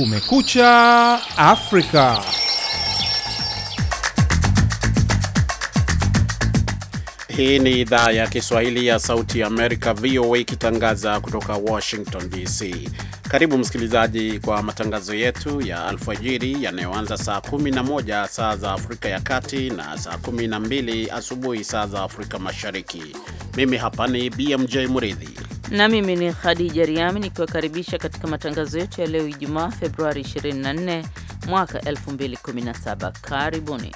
Kumekucha Afrika. Hii ni idhaa ya Kiswahili ya Sauti ya Amerika, VOA, ikitangaza kutoka Washington DC. Karibu msikilizaji kwa matangazo yetu ya alfajiri yanayoanza saa 11 saa za Afrika ya Kati na saa 12 asubuhi saa za Afrika Mashariki. Mimi hapa ni BMJ Muridhi na mimi ni Khadija Riami nikiwakaribisha katika matangazo yetu ya leo Ijumaa, Februari 24 mwaka 2017. Karibuni.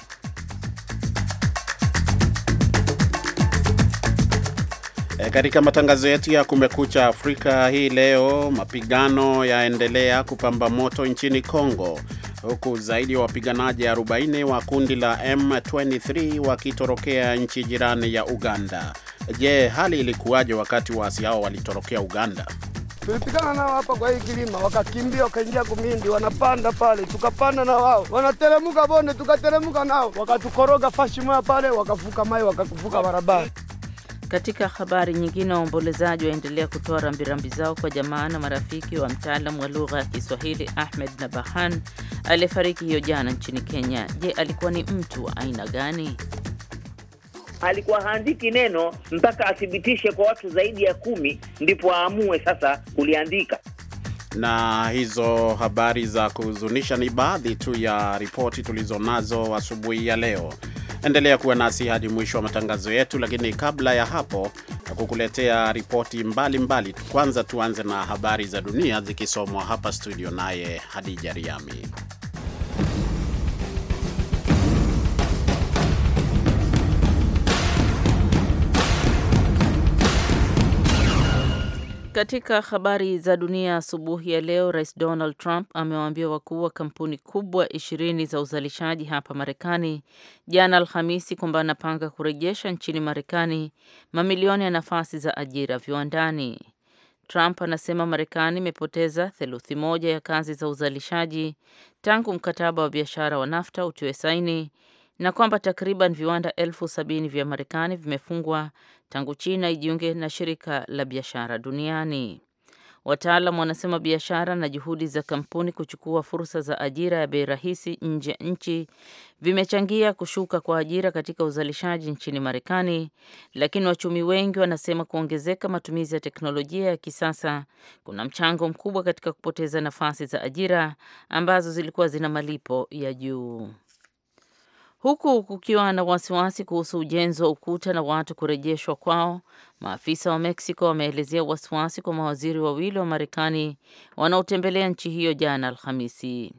E, katika matangazo yetu ya Kumekucha Afrika hii leo, mapigano yaendelea kupamba moto nchini Kongo huku zaidi ya wapiganaji 40 wa kundi la M23 wakitorokea nchi jirani ya Uganda. Je, hali ilikuwaje wakati waasi hao walitorokea Uganda? Tulipigana nao hapa kwa hii kilima, wakakimbia wakaingia Kumindi, wanapanda pale, tukapanda na wao, wanateremuka bonde, tukateremuka nao, wakatukoroga fashimoya pale, wakavuka mai, wakavuka barabara. Katika habari nyingine, waombolezaji waendelea kutoa rambirambi zao kwa jamaa na marafiki wa mtaalamu wa lugha ya Kiswahili Ahmed Nabahan aliyefariki hiyo jana nchini Kenya. Je, alikuwa ni mtu wa aina gani? alikuwa haandiki neno mpaka athibitishe kwa watu zaidi ya kumi, ndipo aamue sasa kuliandika. Na hizo habari za kuhuzunisha ni baadhi tu ya ripoti tulizonazo asubuhi ya leo. Endelea kuwa nasi hadi mwisho wa matangazo yetu, lakini kabla ya hapo kukuletea ripoti mbalimbali, kwanza tuanze na habari za dunia zikisomwa hapa studio naye Hadija Riami. Katika habari za dunia asubuhi ya leo, Rais Donald Trump amewaambia wakuu wa kampuni kubwa ishirini za uzalishaji hapa Marekani jana Alhamisi kwamba anapanga kurejesha nchini Marekani mamilioni ya nafasi za ajira viwandani. Trump anasema Marekani imepoteza theluthi moja ya kazi za uzalishaji tangu mkataba wa biashara wa NAFTA utiwe saini na kwamba takriban viwanda elfu sabini vya Marekani vimefungwa tangu China ijiunge na shirika la biashara duniani. Wataalam wanasema biashara na juhudi za kampuni kuchukua fursa za ajira ya bei rahisi nje ya nchi vimechangia kushuka kwa ajira katika uzalishaji nchini Marekani, lakini wachumi wengi wanasema kuongezeka matumizi ya teknolojia ya kisasa kuna mchango mkubwa katika kupoteza nafasi za ajira ambazo zilikuwa zina malipo ya juu huku kukiwa na wasiwasi kuhusu ujenzi wa ukuta na watu kurejeshwa kwao. Maafisa wa Mexico wameelezea wasiwasi kwa mawaziri wawili wa Marekani wanaotembelea nchi hiyo jana Alhamisi.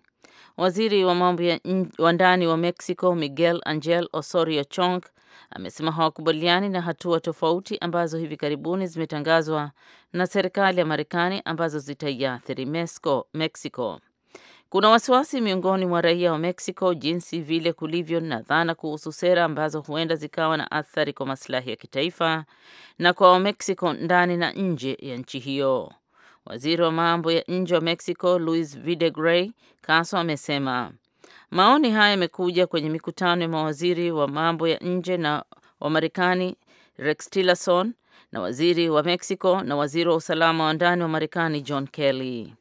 Waziri wa mambo ya ndani wa Mexico Miguel Angel Osorio Chong amesema hawakubaliani na hatua tofauti ambazo hivi karibuni zimetangazwa na serikali ya Marekani ambazo zitaiathiri Mexico. Kuna wasiwasi miongoni mwa raia wa Mexico jinsi vile kulivyo na dhana kuhusu sera ambazo huenda zikawa na athari kwa masilahi ya kitaifa na kwa Wamexico ndani na nje ya nchi hiyo. Waziri wa mambo ya nje wa Mexico Luis Videgaray Caso amesema maoni haya yamekuja kwenye mikutano ya mawaziri wa mambo ya nje na wa Marekani Rex Tillerson na waziri wa Mexico na waziri wa usalama wa ndani wa Marekani John Kelly.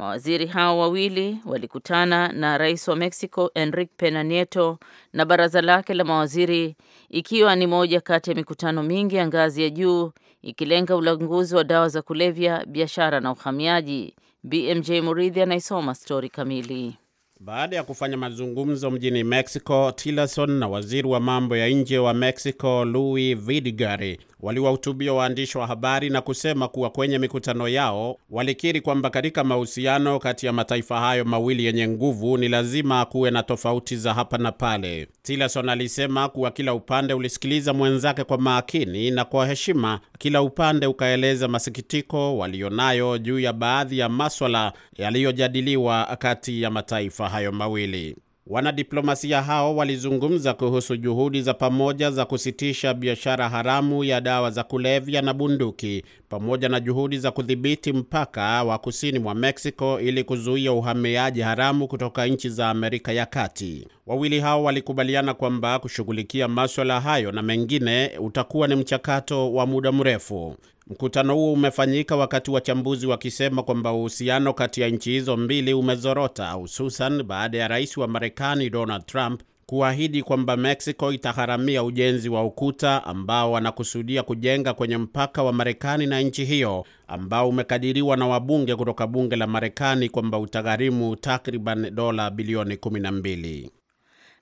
Mawaziri hao wawili walikutana na rais wa Mexico Enrique Pena Nieto na baraza lake la mawaziri, ikiwa ni moja kati ya mikutano mingi ya ngazi ya juu ikilenga ulanguzi wa dawa za kulevya, biashara na uhamiaji. BMJ Muridhi anaisoma stori kamili. Baada ya kufanya mazungumzo mjini Mexico, Tillerson na waziri wa mambo ya nje wa Mexico Luis Vidigari waliwahutubia waandishi wa habari na kusema kuwa kwenye mikutano yao walikiri kwamba katika mahusiano kati ya mataifa hayo mawili yenye nguvu ni lazima kuwe na tofauti za hapa na pale. Tillerson alisema kuwa kila upande ulisikiliza mwenzake kwa makini na kwa heshima, kila upande ukaeleza masikitiko walionayo juu ya baadhi ya maswala yaliyojadiliwa kati ya mataifa hayo mawili. Wanadiplomasia hao walizungumza kuhusu juhudi za pamoja za kusitisha biashara haramu ya dawa za kulevya na bunduki pamoja na juhudi za kudhibiti mpaka wa kusini mwa Mexico ili kuzuia uhamiaji haramu kutoka nchi za Amerika ya Kati. Wawili hao walikubaliana kwamba kushughulikia maswala hayo na mengine utakuwa ni mchakato wa muda mrefu. Mkutano huo umefanyika wakati wachambuzi wakisema kwamba uhusiano kati ya nchi hizo mbili umezorota, hususan baada ya rais wa Marekani Donald Trump kuahidi kwamba Mexico itagharamia ujenzi wa ukuta ambao wanakusudia kujenga kwenye mpaka wa Marekani na nchi hiyo ambao umekadiriwa na wabunge kutoka bunge la Marekani kwamba utagharimu takriban dola bilioni na mbili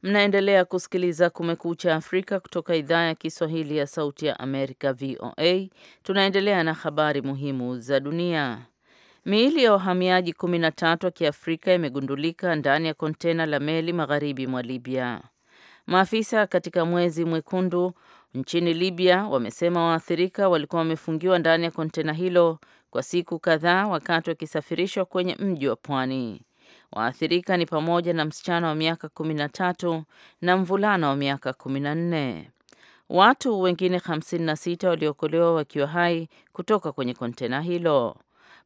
Mnaendelea kusikiliza Kumekucha Afrika kutoka idhaa ya Kiswahili ya Sauti ya Amerika, VOA. Tunaendelea na habari muhimu za dunia. Miili ya wahamiaji 13 wa Kiafrika imegundulika ndani ya kontena la meli magharibi mwa Libya. Maafisa katika mwezi mwekundu nchini Libya wamesema waathirika walikuwa wamefungiwa ndani ya kontena hilo kwa siku kadhaa wakati wakisafirishwa kwenye mji wa pwani. Waathirika ni pamoja na msichana wa miaka kumi na tatu na mvulana wa miaka kumi na nne. Watu wengine 56 waliokolewa wakiwa hai kutoka kwenye kontena hilo,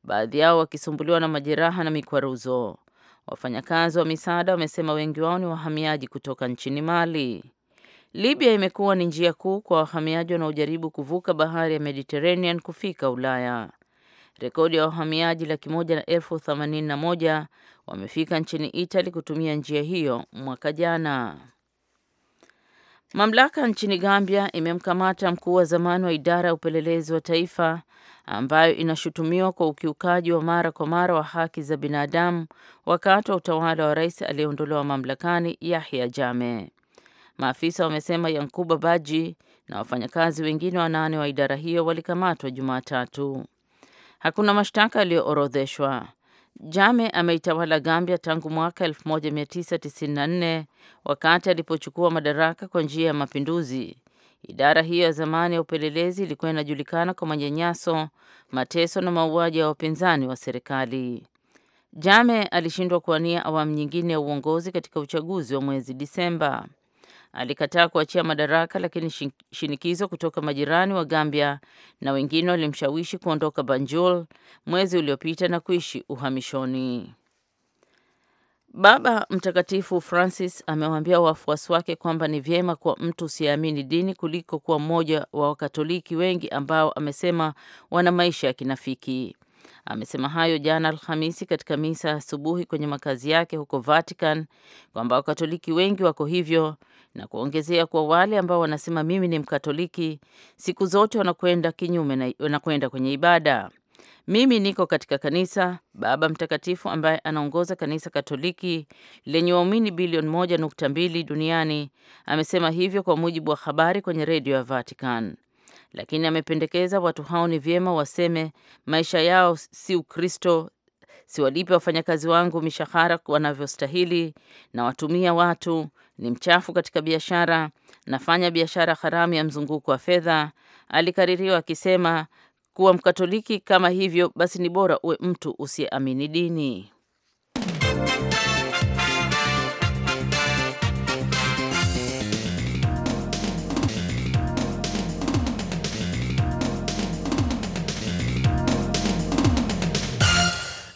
baadhi yao wakisumbuliwa na majeraha na mikwaruzo. Wafanyakazi wa misaada wamesema wengi wao ni wahamiaji kutoka nchini Mali. Libya imekuwa ni njia kuu kwa wahamiaji wanaojaribu kuvuka bahari ya Mediterranean kufika Ulaya rekodi ya wahamiaji laki moja na elfu themanini na moja wamefika nchini Itali kutumia njia hiyo mwaka jana. Mamlaka nchini Gambia imemkamata mkuu wa zamani wa idara ya upelelezi wa taifa ambayo inashutumiwa kwa ukiukaji wa mara kwa mara wa haki za binadamu wakati wa utawala wa rais aliyeondolewa mamlakani Yahya Jammeh. Maafisa wamesema Yankuba Baji na wafanyakazi wengine wanane wa idara hiyo walikamatwa Jumatatu. Hakuna mashtaka yaliyoorodheshwa. Jame ameitawala Gambia tangu mwaka 1994 wakati alipochukua madaraka kwa njia ya mapinduzi. Idara hiyo ya zamani ya upelelezi ilikuwa inajulikana kwa manyanyaso, mateso na mauaji ya wapinzani wa serikali. Jame alishindwa kuwania awamu nyingine ya uongozi katika uchaguzi wa mwezi Disemba. Alikataa kuachia madaraka, lakini shinikizo kutoka majirani wa Gambia na wengine walimshawishi kuondoka Banjul mwezi uliopita na kuishi uhamishoni. Baba Mtakatifu Francis amewaambia wafuasi wake kwamba ni vyema kuwa mtu usiyeamini dini kuliko kuwa mmoja wa Wakatoliki wengi ambao amesema wana maisha ya kinafiki. Amesema hayo jana Alhamisi katika misa asubuhi kwenye makazi yake huko Vatican kwamba Wakatoliki wengi wako hivyo na kuongezea kwa wale ambao wanasema mimi ni Mkatoliki siku zote wanakwenda kinyume, wanakwenda kwenye ibada. Mimi niko katika kanisa Baba Mtakatifu ambaye anaongoza kanisa Katoliki lenye waumini bilioni moja nukta mbili duniani amesema hivyo kwa mujibu wa habari kwenye redio ya Vatican lakini amependekeza watu hao ni vyema waseme maisha yao si Ukristo, siwalipe wafanyakazi wangu mishahara wanavyostahili, na watumia watu, ni mchafu katika biashara, nafanya biashara haramu ya mzunguko wa fedha. Alikaririwa akisema kuwa Mkatoliki kama hivyo basi ni bora uwe mtu usiyeamini dini.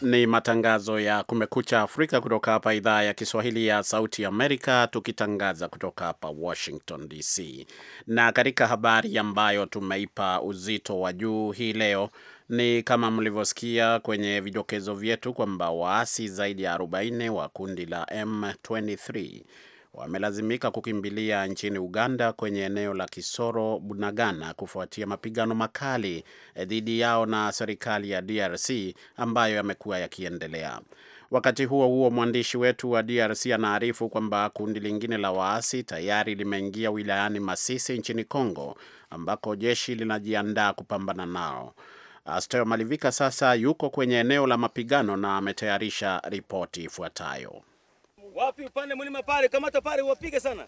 ni matangazo ya Kumekucha Afrika kutoka hapa idhaa ya Kiswahili ya Sauti Amerika, tukitangaza kutoka hapa Washington DC. Na katika habari ambayo tumeipa uzito wa juu hii leo ni kama mlivyosikia kwenye vidokezo vyetu kwamba waasi zaidi ya 40 wa kundi la M23 wamelazimika kukimbilia nchini Uganda kwenye eneo la Kisoro Bunagana kufuatia mapigano makali eh, dhidi yao na serikali ya DRC ambayo yamekuwa yakiendelea. Wakati huo huo, mwandishi wetu wa DRC anaarifu kwamba kundi lingine la waasi tayari limeingia wilayani Masisi nchini congo ambako jeshi linajiandaa kupambana nao. Asteo Malivika sasa yuko kwenye eneo la mapigano na ametayarisha ripoti ifuatayo. Wapi upande mlima pale, kamata pale wapige sana.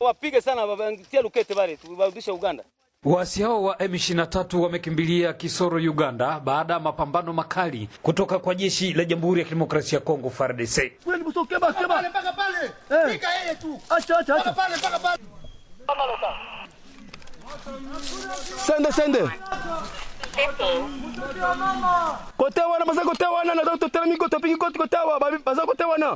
Wapige sana wabangitia lukete pale, tuwarudishe Uganda. Waasi hao wa M23 wamekimbilia Kisoro Uganda baada ya mapambano makali kutoka kwa jeshi la Jamhuri ya Kidemokrasia ya Kongo FARDC. Kwani msoke ba kema. Mpaka pale. Eh. Pika yeye tu. Acha acha acha. Pale pale pale. Sende sende.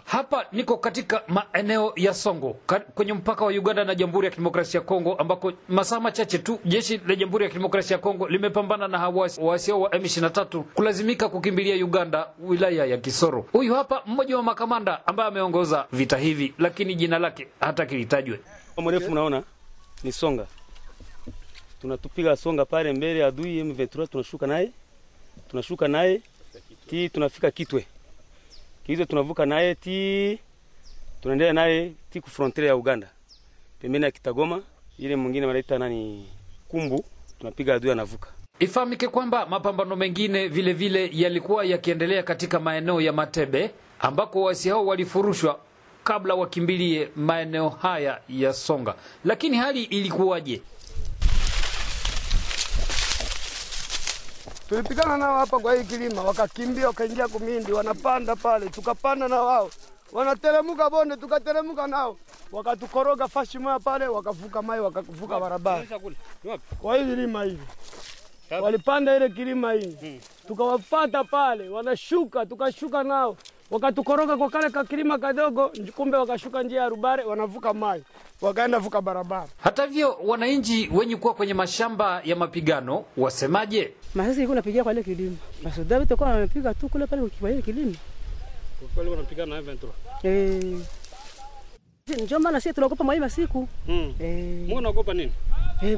Hapa niko katika maeneo ya Songo kwenye mpaka wa Uganda na Jamhuri ya Kidemokrasia ya Kongo ambako masaa machache tu jeshi la Jamhuri ya Kidemokrasia ya Kongo limepambana na hawasi waasio wa M23 kulazimika kukimbilia Uganda wilaya ya Kisoro. Huyu hapa mmoja wa makamanda ambaye ameongoza vita hivi, lakini jina lake hata kilitajwe. Mrefu mnaona ni Songa tunatupiga songa pale mbele, adui M23 tunashuka naye, tunashuka naye ti, tunafika Kitwe kizo, tunavuka naye ti, tunaendelea naye ti ku frontiere ya Uganda pembeni ya Kitagoma, ile mwingine wanaita nani Kumbu, tunapiga adui anavuka. Ifahamike kwamba mapambano mengine vile vile yalikuwa yakiendelea katika maeneo ya Matebe ambako waasi hao walifurushwa kabla wakimbilie maeneo haya ya Songa. Lakini hali ilikuwaje? tulipigana nao hapa kwa hii kilima, wakakimbia wakaingia Kumindi, wanapanda pale, tukapanda na wao, wanateremka bonde, tukateremka nao, wakatukoroga fashi moya pale, wakavuka mai, wakavuka barabara kwa hii kilima hivi walipanda ile kilima hii hmm. Tukawafata pale wanashuka, tukashuka nao wakatukoroka kwa kale kilima kadogo, kumbe wakashuka njia ya Rubare, wanavuka mai wakaenda vuka barabara. Hata hivyo, wananchi wenye kuwa kwenye mashamba ya mapigano wasemaje? Masasi ilikuwa napigia kwa ile kilima, masoda wote kwa wamepiga tu kule pale kwa ile kilima, kwa wanapigana na 23 eh, ndio na sisi tunaogopa mai masiku mm. Eh, mbona unaogopa nini? Eh,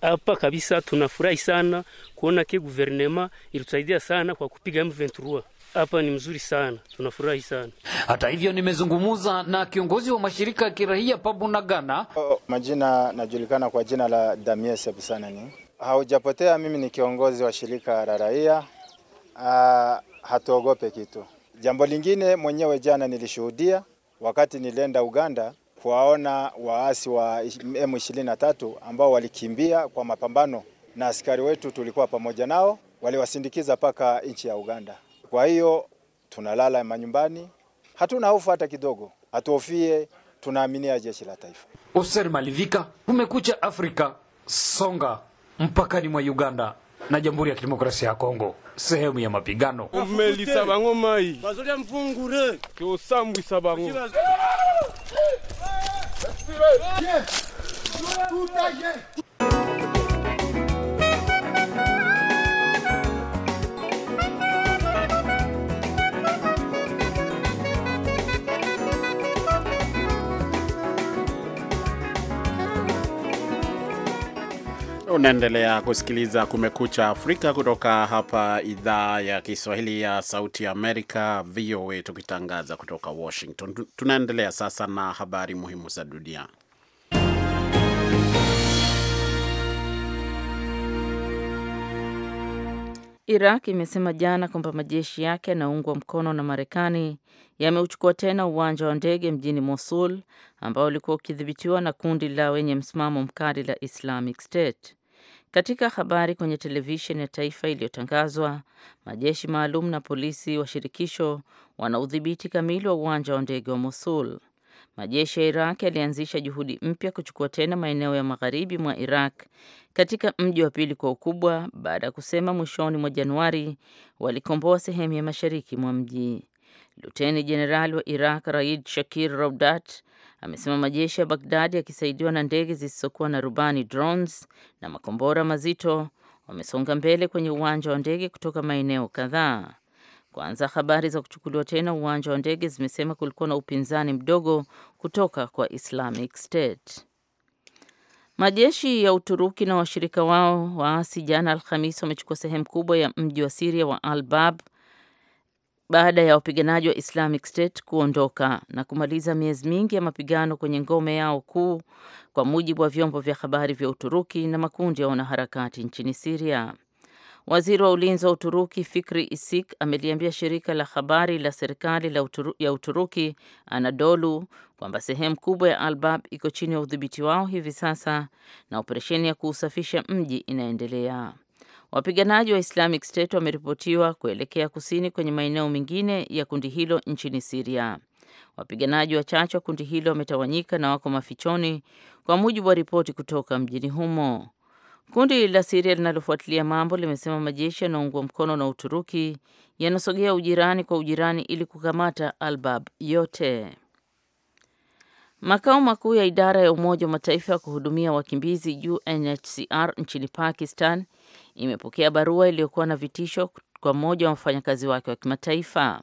Hapa kabisa tunafurahi sana kuona ke guvernema ilitusaidia sana kwa kupiga M23. Hapa ni mzuri sana, tunafurahi sana. Hata hivyo, nimezungumza na kiongozi wa mashirika ya kirahia Pabunagana. Oh, oh, majina najulikana kwa jina la Damien Sebusanani. Haujapotea, mimi ni kiongozi wa shirika la raia. Ah, hatuogope kitu. Jambo lingine mwenyewe jana nilishuhudia wakati nilienda Uganda kuwaona waasi wa M23 ambao walikimbia kwa mapambano na askari wetu, tulikuwa pamoja nao, waliwasindikiza mpaka nchi ya Uganda. Kwa hiyo tunalala manyumbani, hatuna hofu hata kidogo, hatuhofie, tunaaminia jeshi la taifa. Oser Malivika, Kumekucha Afrika, Songa mpakani mwa Uganda na Jamhuri ya Kidemokrasia ya Kongo, sehemu ya mapigano. umeli sabango mai bazolya Gel. Buradan gel. Unaendelea kusikiliza Kumekucha Afrika kutoka hapa idhaa ya Kiswahili ya Sauti ya Amerika, VOA, tukitangaza kutoka Washington. Tunaendelea sasa na habari muhimu za dunia. Iraq imesema jana kwamba majeshi yake yanaungwa mkono na Marekani yameuchukua tena uwanja wa ndege mjini Mosul ambao ulikuwa ukidhibitiwa na kundi la wenye msimamo mkali la Islamic State. Katika habari kwenye televisheni ya taifa iliyotangazwa, majeshi maalum na polisi wa shirikisho wana udhibiti kamili wa uwanja wa ndege wa Mosul. Majeshi ya Iraq yalianzisha juhudi mpya kuchukua tena maeneo ya magharibi mwa Iraq katika mji wa pili kwa ukubwa baada ya kusema mwishoni mwa Januari walikomboa sehemu ya mashariki mwa mji. Luteni Jenerali wa Iraq Raid Shakir Roudat amesema majeshi ya Bagdadi yakisaidiwa na ndege zisizokuwa na rubani drones na makombora mazito wamesonga mbele kwenye uwanja wa ndege kutoka maeneo kadhaa. Kwanza, habari za kuchukuliwa tena uwanja wa ndege zimesema kulikuwa na upinzani mdogo kutoka kwa Islamic State. Majeshi ya Uturuki na washirika wao waasi jana Alhamisi wamechukua sehemu kubwa ya mji wa Siria wa Al Bab baada ya wapiganaji wa Islamic State kuondoka na kumaliza miezi mingi ya mapigano kwenye ngome yao kuu, kwa mujibu wa vyombo vya habari vya Uturuki na makundi ya wanaharakati nchini Siria. Waziri wa ulinzi wa Uturuki Fikri Isik ameliambia shirika la habari la serikali la Uturu, ya Uturuki Anadolu kwamba sehemu kubwa ya Albab iko chini ya udhibiti wao hivi sasa na operesheni ya kuusafisha mji inaendelea. Wapiganaji wa Islamic State wameripotiwa kuelekea kusini kwenye maeneo mengine ya kundi hilo nchini Siria. Wapiganaji wachache wa kundi hilo wametawanyika na wako mafichoni, kwa mujibu wa ripoti kutoka mjini humo. Kundi la Siria linalofuatilia mambo limesema majeshi yanaungwa mkono na Uturuki yanasogea ujirani kwa ujirani ili kukamata Albab yote. Makao makuu ya idara ya Umoja wa Mataifa ya kuhudumia wakimbizi UNHCR nchini Pakistan imepokea barua iliyokuwa na vitisho kwa mmoja wa wafanyakazi wake wa kimataifa.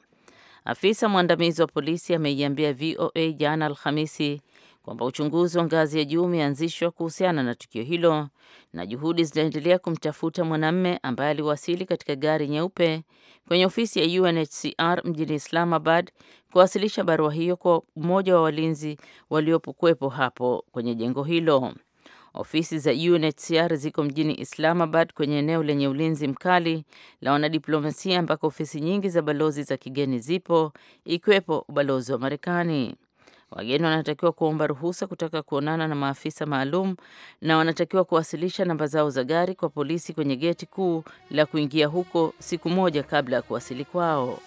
Afisa mwandamizi wa polisi ameiambia VOA jana Alhamisi kwamba uchunguzi wa ngazi ya juu umeanzishwa kuhusiana na tukio hilo na juhudi zinaendelea kumtafuta mwanamme ambaye aliwasili katika gari nyeupe kwenye ofisi ya UNHCR mjini Islamabad kuwasilisha barua hiyo kwa mmoja wa walinzi waliopokuwepo hapo kwenye jengo hilo. Ofisi za UNHCR ziko mjini Islamabad kwenye eneo lenye ulinzi mkali la wanadiplomasia ambako ofisi nyingi za balozi za kigeni zipo ikiwepo ubalozi wa Marekani. Wageni wanatakiwa kuomba ruhusa kutaka kuonana na maafisa maalum na wanatakiwa kuwasilisha namba zao za gari kwa polisi kwenye geti kuu la kuingia huko siku moja kabla ya kuwasili kwao.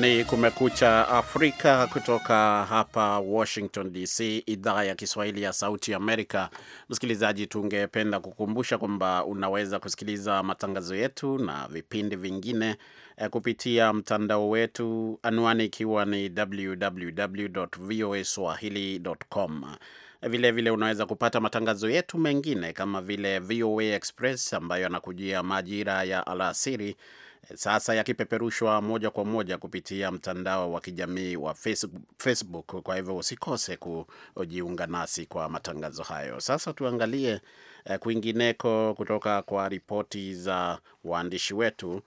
ni Kumekucha Afrika kutoka hapa Washington DC, idhaa ya Kiswahili ya Sauti Amerika. Msikilizaji, tungependa kukumbusha kwamba unaweza kusikiliza matangazo yetu na vipindi vingine eh, kupitia mtandao wetu, anwani ikiwa ni www voa swahili.com. Vilevile vile unaweza kupata matangazo yetu mengine kama vile VOA Express ambayo yanakujia majira ya alasiri sasa yakipeperushwa moja kwa moja kupitia mtandao wa kijamii wa Facebook. Kwa hivyo usikose kujiunga nasi kwa matangazo hayo. Sasa tuangalie eh, kwingineko kutoka kwa ripoti za waandishi wetu.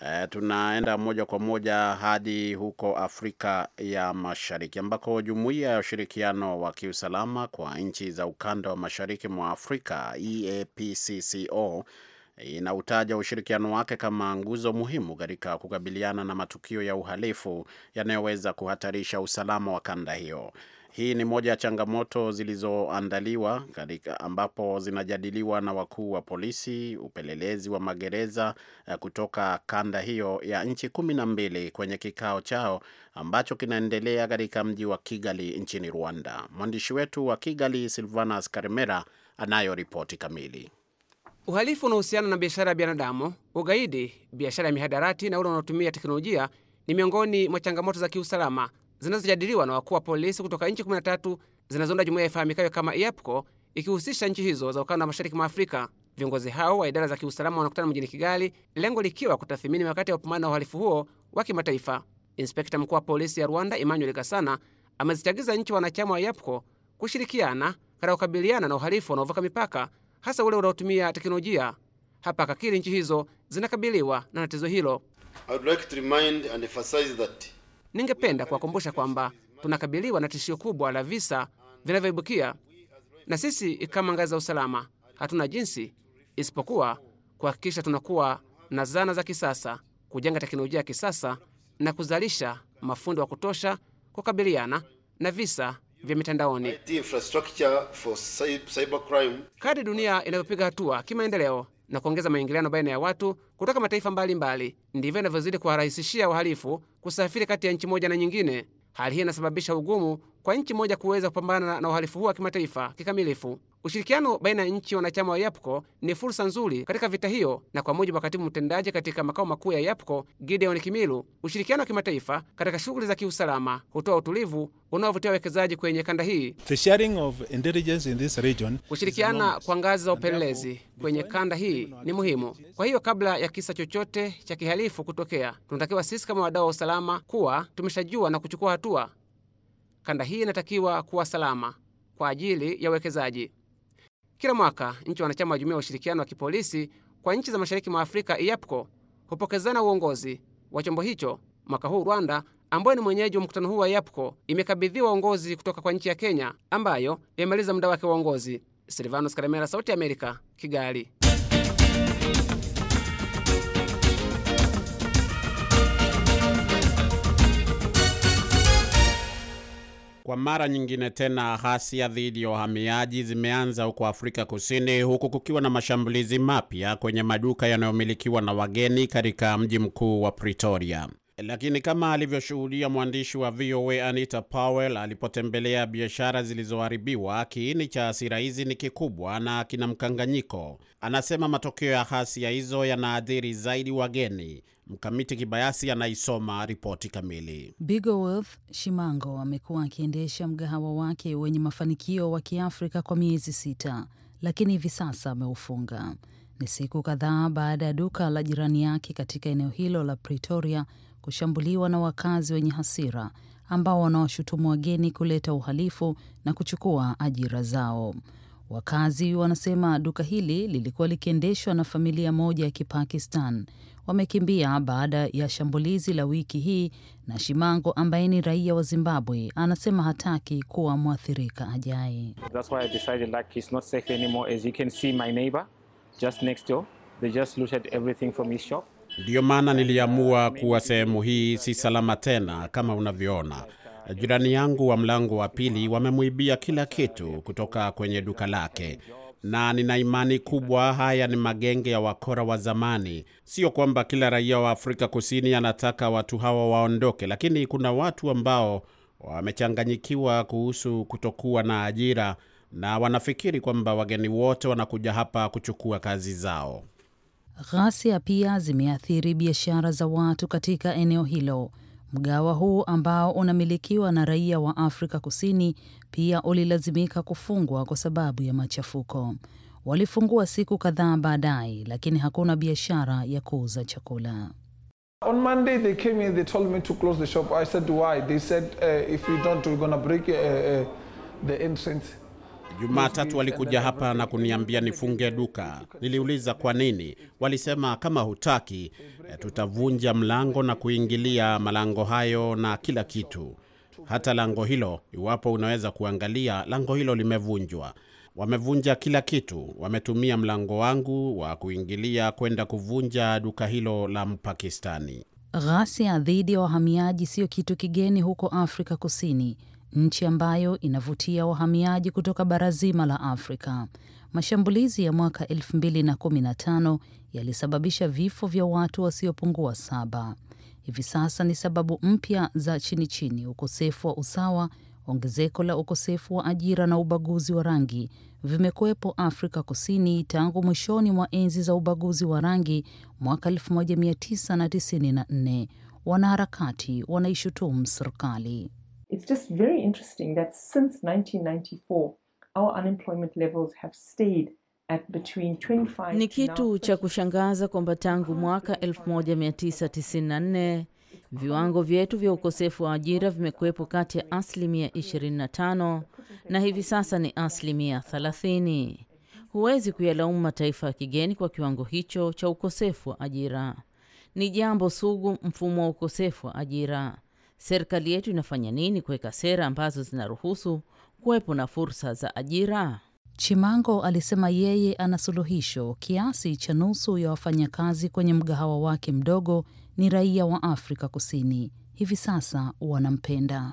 E, tunaenda moja kwa moja hadi huko Afrika ya Mashariki ambako jumuiya ya ushirikiano wa kiusalama kwa nchi za ukanda wa mashariki mwa Afrika EAPCCO inautaja ushirikiano wake kama nguzo muhimu katika kukabiliana na matukio ya uhalifu yanayoweza kuhatarisha usalama wa kanda hiyo. Hii ni moja ya changamoto zilizoandaliwa katika ambapo zinajadiliwa na wakuu wa polisi, upelelezi wa magereza eh, kutoka kanda hiyo ya nchi kumi na mbili kwenye kikao chao ambacho kinaendelea katika mji wa Kigali nchini Rwanda. Mwandishi wetu wa Kigali Silvanas Karimera anayo ripoti kamili. Uhalifu unaohusiana na biashara ya binadamu, ugaidi, biashara ya mihadarati na ule unaotumia teknolojia ni miongoni mwa changamoto za kiusalama zinazojadiliwa na wakuu wa polisi kutoka nchi 13 zinazounda jumuiya ifahamikayo kama IAPCO, ikihusisha nchi hizo za ukanda wa mashariki mwa Afrika. Viongozi hao wa idara za kiusalama wanakutana mjini Kigali, lengo likiwa kutathimini mikakati ya kupambana na uhalifu huo wa kimataifa. Inspekta mkuu wa polisi ya Rwanda Emmanuel Gasana amezichagiza nchi wanachama wa IAPCO kushirikiana katika kukabiliana na uhalifu unaovuka mipaka hasa ule unaotumia teknolojia. Hapa kakiri nchi hizo zinakabiliwa na tatizo hilo. Like ningependa kuwakumbusha kwamba tunakabiliwa na tishio kubwa la visa vinavyoibukia, na sisi kama ngazi za usalama hatuna jinsi isipokuwa kuhakikisha tunakuwa na zana za kisasa, kujenga teknolojia ya kisasa na kuzalisha mafundo wa kutosha kukabiliana na visa vya mitandaoni. Kadri dunia inavyopiga hatua kimaendeleo na kuongeza maingiliano baina ya watu kutoka mataifa mbalimbali, ndivyo inavyozidi kuwarahisishia wahalifu kusafiri kati ya nchi moja na nyingine. Hali hii inasababisha ugumu kwa nchi moja kuweza kupambana na uhalifu huu wa kimataifa kikamilifu. Ushirikiano baina ya nchi wanachama wa YAPCO ni fursa nzuri katika vita hiyo, na kwa mujibu wa katibu mtendaji katika makao makuu ya YAPCO Gideon Kimilu, ushirikiano wa kimataifa katika shughuli za kiusalama hutoa utulivu unaovutia wawekezaji kwenye kanda hii. Kushirikiana kwa ngazi za upelelezi kwenye kanda hii ni muhimu. Kwa hiyo kabla ya kisa chochote cha kihalifu kutokea, tunatakiwa sisi kama wadau wa usalama kuwa tumeshajua na kuchukua hatua Kanda hii inatakiwa kuwa salama kwa ajili ya uwekezaji. Kila mwaka nchi wanachama wa jumuiya ya ushirikiano wa kipolisi kwa nchi za mashariki mwa Afrika IAPCO hupokezana uongozi wa chombo hicho. Mwaka huu Rwanda ambayo ni mwenyeji wa mkutano huu wa IAPCO, imekabidhiwa uongozi kutoka kwa nchi ya Kenya ambayo imemaliza muda wake wa uongozi. Silvanos Karemera, Sauti ya Amerika, Kigali. Kwa mara nyingine tena ghasia dhidi ya wahamiaji zimeanza huko Afrika Kusini, huku kukiwa na mashambulizi mapya kwenye maduka yanayomilikiwa na wageni katika mji mkuu wa Pretoria. Lakini kama alivyoshuhudia mwandishi wa VOA Anita Powell alipotembelea biashara zilizoharibiwa, kiini cha hasira hizi ni kikubwa na kina mkanganyiko. Anasema matokeo ya ya hizo yanaathiri zaidi wageni. Mkamiti Kibayasi anaisoma ripoti kamili. Bigoworth Shimango amekuwa akiendesha mgahawa wake wenye mafanikio wa Kiafrika kwa miezi sita, lakini hivi sasa ameufunga. Ni siku kadhaa baada ya duka la jirani yake katika eneo hilo la Pretoria kushambuliwa na wakazi wenye hasira ambao wanawashutumu wageni kuleta uhalifu na kuchukua ajira zao. Wakazi wanasema duka hili lilikuwa likiendeshwa na familia moja ya Kipakistan wamekimbia baada ya shambulizi la wiki hii, na Shimango ambaye ni raia wa Zimbabwe anasema hataki kuwa mwathirika ajaye. Ndiyo maana niliamua kuwa sehemu hii si salama tena. Kama unavyoona, jirani yangu wa mlango wa pili wamemwibia kila kitu kutoka kwenye duka lake, na nina imani kubwa haya ni magenge ya wakora wa zamani. Sio kwamba kila raia wa Afrika Kusini anataka watu hawa waondoke, lakini kuna watu ambao wamechanganyikiwa kuhusu kutokuwa na ajira na wanafikiri kwamba wageni wote wanakuja hapa kuchukua kazi zao. Ghasia pia zimeathiri biashara za watu katika eneo hilo. Mgawa huu ambao unamilikiwa na raia wa Afrika Kusini pia ulilazimika kufungwa kwa sababu ya machafuko. Walifungua siku kadhaa baadaye, lakini hakuna biashara ya kuuza chakula. On Monday they came in, they told me to close the shop. I said why? They said uh, if you don't we're gonna break uh, uh, the entrance. Jumatatu walikuja hapa na kuniambia nifunge duka. Niliuliza kwa nini, walisema kama hutaki eh, tutavunja mlango na kuingilia malango hayo na kila kitu, hata lango hilo. Iwapo unaweza kuangalia, lango hilo limevunjwa. Wamevunja kila kitu, wametumia mlango wangu wa kuingilia kwenda kuvunja duka hilo la Mpakistani. Ghasia dhidi ya wahamiaji sio kitu kigeni huko Afrika Kusini nchi ambayo inavutia wahamiaji kutoka bara zima la Afrika. Mashambulizi ya mwaka 2015 yalisababisha vifo vya watu wasiopungua saba. Hivi sasa ni sababu mpya za chini chini: ukosefu wa usawa, ongezeko la ukosefu wa ajira na ubaguzi wa rangi vimekuwepo Afrika Kusini tangu mwishoni mwa enzi za ubaguzi wa rangi mwaka 1994. Wanaharakati wanaishutumu serikali. It's just very interesting that since 1994 our unemployment levels have stayed at between 25 ni kitu cha kushangaza kwamba tangu mwaka 1994 viwango vyetu vya ukosefu wa ajira vimekuwepo kati ya asilimia 25 na hivi sasa ni asilimia 30. Huwezi kuyalaumu mataifa ya kigeni kwa kiwango hicho cha ukosefu wa ajira. Ni jambo sugu, mfumo wa ukosefu wa ajira serikali yetu inafanya nini kuweka sera ambazo zinaruhusu kuwepo na fursa za ajira? Chimango alisema yeye ana suluhisho. Kiasi cha nusu ya wafanyakazi kwenye mgahawa wake mdogo ni raia wa Afrika Kusini. Hivi sasa wanampenda.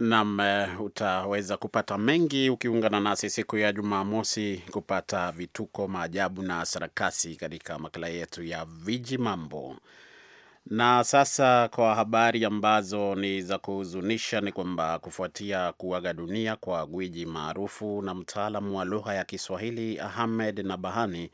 Nam, eh, utaweza kupata mengi ukiungana nasi siku ya Jumamosi kupata vituko, maajabu na sarakasi katika makala yetu ya Viji Mambo. Na sasa kwa habari ambazo ni za kuhuzunisha, ni kwamba kufuatia kuaga dunia kwa gwiji maarufu na mtaalamu wa lugha ya Kiswahili Ahmed Nabahani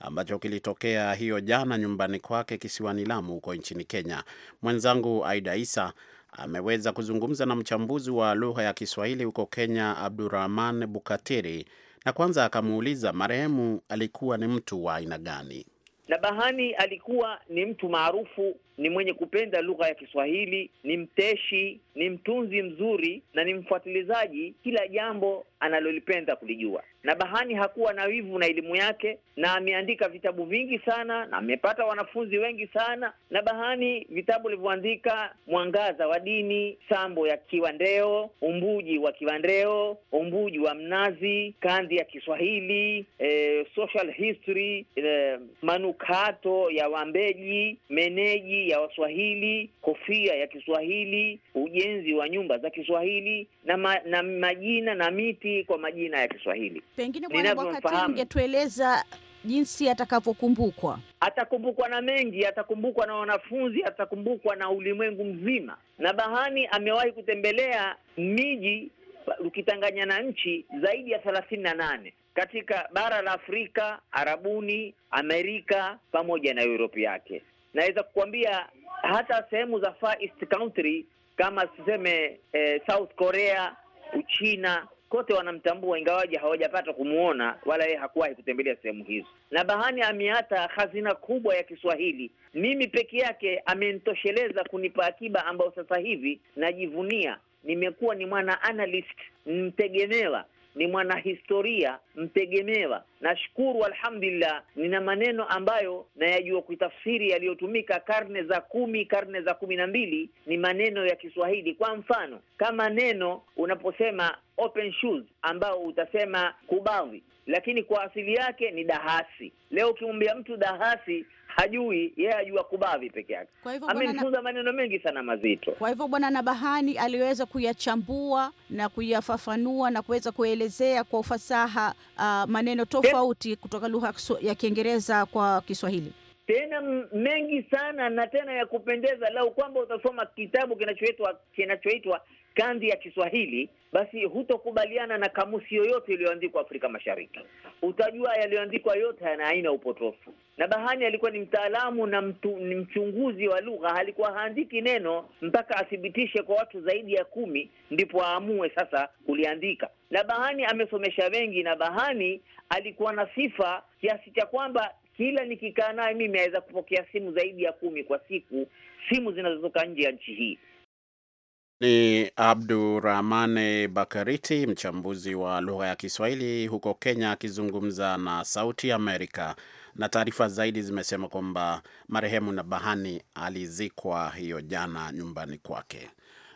ambacho kilitokea hiyo jana nyumbani kwake kisiwani Lamu huko nchini Kenya, mwenzangu Aida Isa ameweza kuzungumza na mchambuzi wa lugha ya Kiswahili huko Kenya, Abdurahman Bukatiri, na kwanza akamuuliza marehemu alikuwa ni mtu wa aina gani. Nabahani alikuwa ni mtu maarufu ni mwenye kupenda lugha ya Kiswahili, ni mteshi, ni mtunzi mzuri na ni mfuatilizaji, kila jambo analolipenda kulijua. Na Bahani hakuwa na wivu na elimu yake, na ameandika vitabu vingi sana na amepata wanafunzi wengi sana. Na Bahani vitabu alivyoandika, Mwangaza wa Dini, Sambo ya Kiwandeo, Umbuji wa Kiwandeo, Umbuji wa Mnazi, Kandi ya Kiswahili, eh, Social History, eh, Manukato ya Wambeji, Meneji ya Waswahili, kofia ya Kiswahili, ujenzi wa nyumba za Kiswahili na, ma, na majina na miti kwa majina ya Kiswahili. Pengine Bwana ungetueleza jinsi atakavyokumbukwa. Atakumbukwa na mengi, atakumbukwa na wanafunzi, atakumbukwa na ulimwengu mzima. Na Bahani amewahi kutembelea miji ukitanganya na nchi zaidi ya thelathini na nane katika bara la Afrika, Arabuni, Amerika pamoja na Europe yake naweza kukwambia hata sehemu za Far East Country kama tuseme eh, South Korea, Uchina kote wanamtambua, ingawaje hawajapata kumwona wala yeye hakuwahi kutembelea sehemu hizo. Na Bahani ameata hazina kubwa ya Kiswahili. Mimi peke yake amenitosheleza kunipa akiba ambayo sasa hivi najivunia. Nimekuwa ni mwana analyst mtegemewa ni mwanahistoria mtegemewa. Nashukuru, alhamdulillah, nina maneno ambayo nayajua kuitafsiri yaliyotumika karne za kumi, karne za kumi na mbili, ni maneno ya Kiswahili. Kwa mfano kama neno unaposema open shoes, ambao utasema kubavi lakini kwa asili yake ni dahasi. Leo ukimwambia mtu dahasi hajui yeye, ajua kubavi peke yake. Amenifunza maneno mengi sana mazito. Kwa hivyo Bwana Nabahani aliweza kuyachambua na kuyafafanua na kuweza kuelezea kwa ufasaha uh, maneno tofauti kutoka lugha ya Kiingereza kwa Kiswahili tena mengi sana na tena ya kupendeza, lau kwamba utasoma kitabu kinachoitwa kinachoitwa Kandi ya Kiswahili, basi hutokubaliana na kamusi yoyote iliyoandikwa Afrika Mashariki. Utajua yaliyoandikwa yote yana aina upotofu. Na Bahani alikuwa ni mtaalamu na mtu, ni mchunguzi wa lugha. Alikuwa haandiki neno mpaka athibitishe kwa watu zaidi ya kumi, ndipo aamue sasa kuliandika. Na Bahani amesomesha wengi, na Bahani alikuwa na sifa kiasi cha kwamba kila nikikaa naye mimi aweza kupokea simu zaidi ya kumi kwa siku, simu zinazotoka nje ya nchi hii. Ni Abdurahmane Bakariti, mchambuzi wa lugha ya Kiswahili huko Kenya, akizungumza na Sauti Amerika. Na taarifa zaidi zimesema kwamba marehemu na bahani alizikwa hiyo jana nyumbani kwake.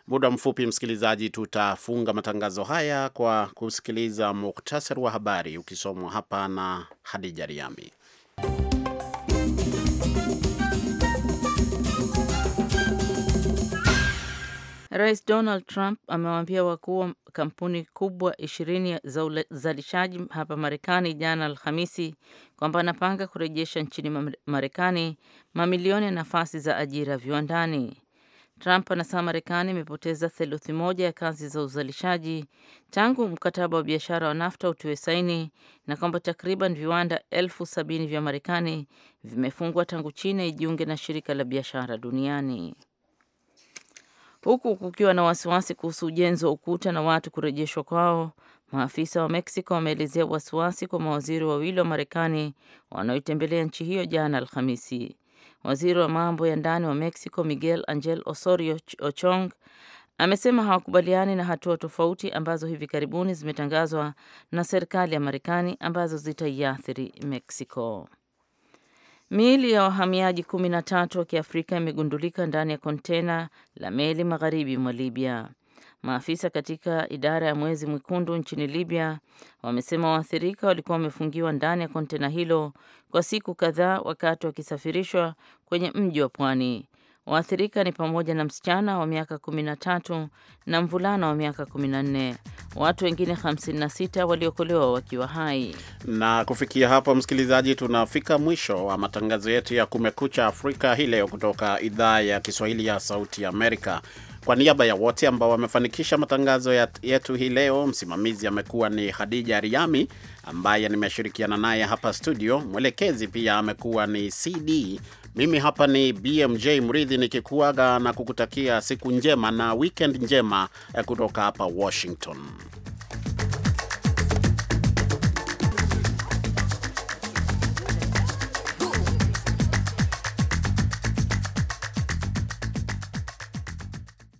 Muda mfupi, msikilizaji, tutafunga matangazo haya kwa kusikiliza muktasari wa habari ukisomwa hapa na Hadija Riami. Rais Donald Trump amewaambia wakuu wa kampuni kubwa ishirini za uzalishaji hapa Marekani jana Alhamisi kwamba anapanga kurejesha nchini Marekani mamilioni ya nafasi za ajira viwandani. Trump anasema Marekani imepoteza theluthi moja ya kazi za uzalishaji tangu mkataba wa biashara wa NAFTA utiwe saini na kwamba takriban viwanda elfu sabini vya Marekani vimefungwa tangu China ijiunge na shirika la biashara duniani. Huku kukiwa na wasiwasi kuhusu ujenzi wa ukuta na watu kurejeshwa kwao, maafisa wa Mexico wameelezea wasiwasi kwa mawaziri wawili wa Marekani wanaoitembelea nchi hiyo jana Alhamisi. Waziri wa mambo ya ndani wa Mexico Miguel Angel Osorio Ochong amesema hawakubaliani na hatua tofauti ambazo hivi karibuni zimetangazwa na serikali ya Marekani ambazo zitaiathiri Mexico. Miili ya wahamiaji kumi na tatu wa Kiafrika imegundulika ndani ya kontena la meli magharibi mwa Libya. Maafisa katika idara ya Mwezi Mwekundu nchini Libya wamesema waathirika walikuwa wamefungiwa ndani ya kontena hilo kwa siku kadhaa wakati wakisafirishwa kwenye mji wa pwani. Waathirika ni pamoja na msichana wa miaka 13 na mvulana wa miaka 14. Watu wengine 56 waliokolewa wakiwa hai. Na kufikia hapo msikilizaji, tunafika mwisho wa matangazo yetu ya Kumekucha Afrika hii leo kutoka idhaa ya Kiswahili ya Sauti Amerika. Kwa niaba ya wote ambao wamefanikisha matangazo yetu hii leo, msimamizi amekuwa ni hadija Riami ambaye nimeshirikiana naye hapa studio. Mwelekezi pia amekuwa ni CD. Mimi hapa ni BMJ Mridhi nikikuaga na kukutakia siku njema na weekend njema eh, kutoka hapa Washington.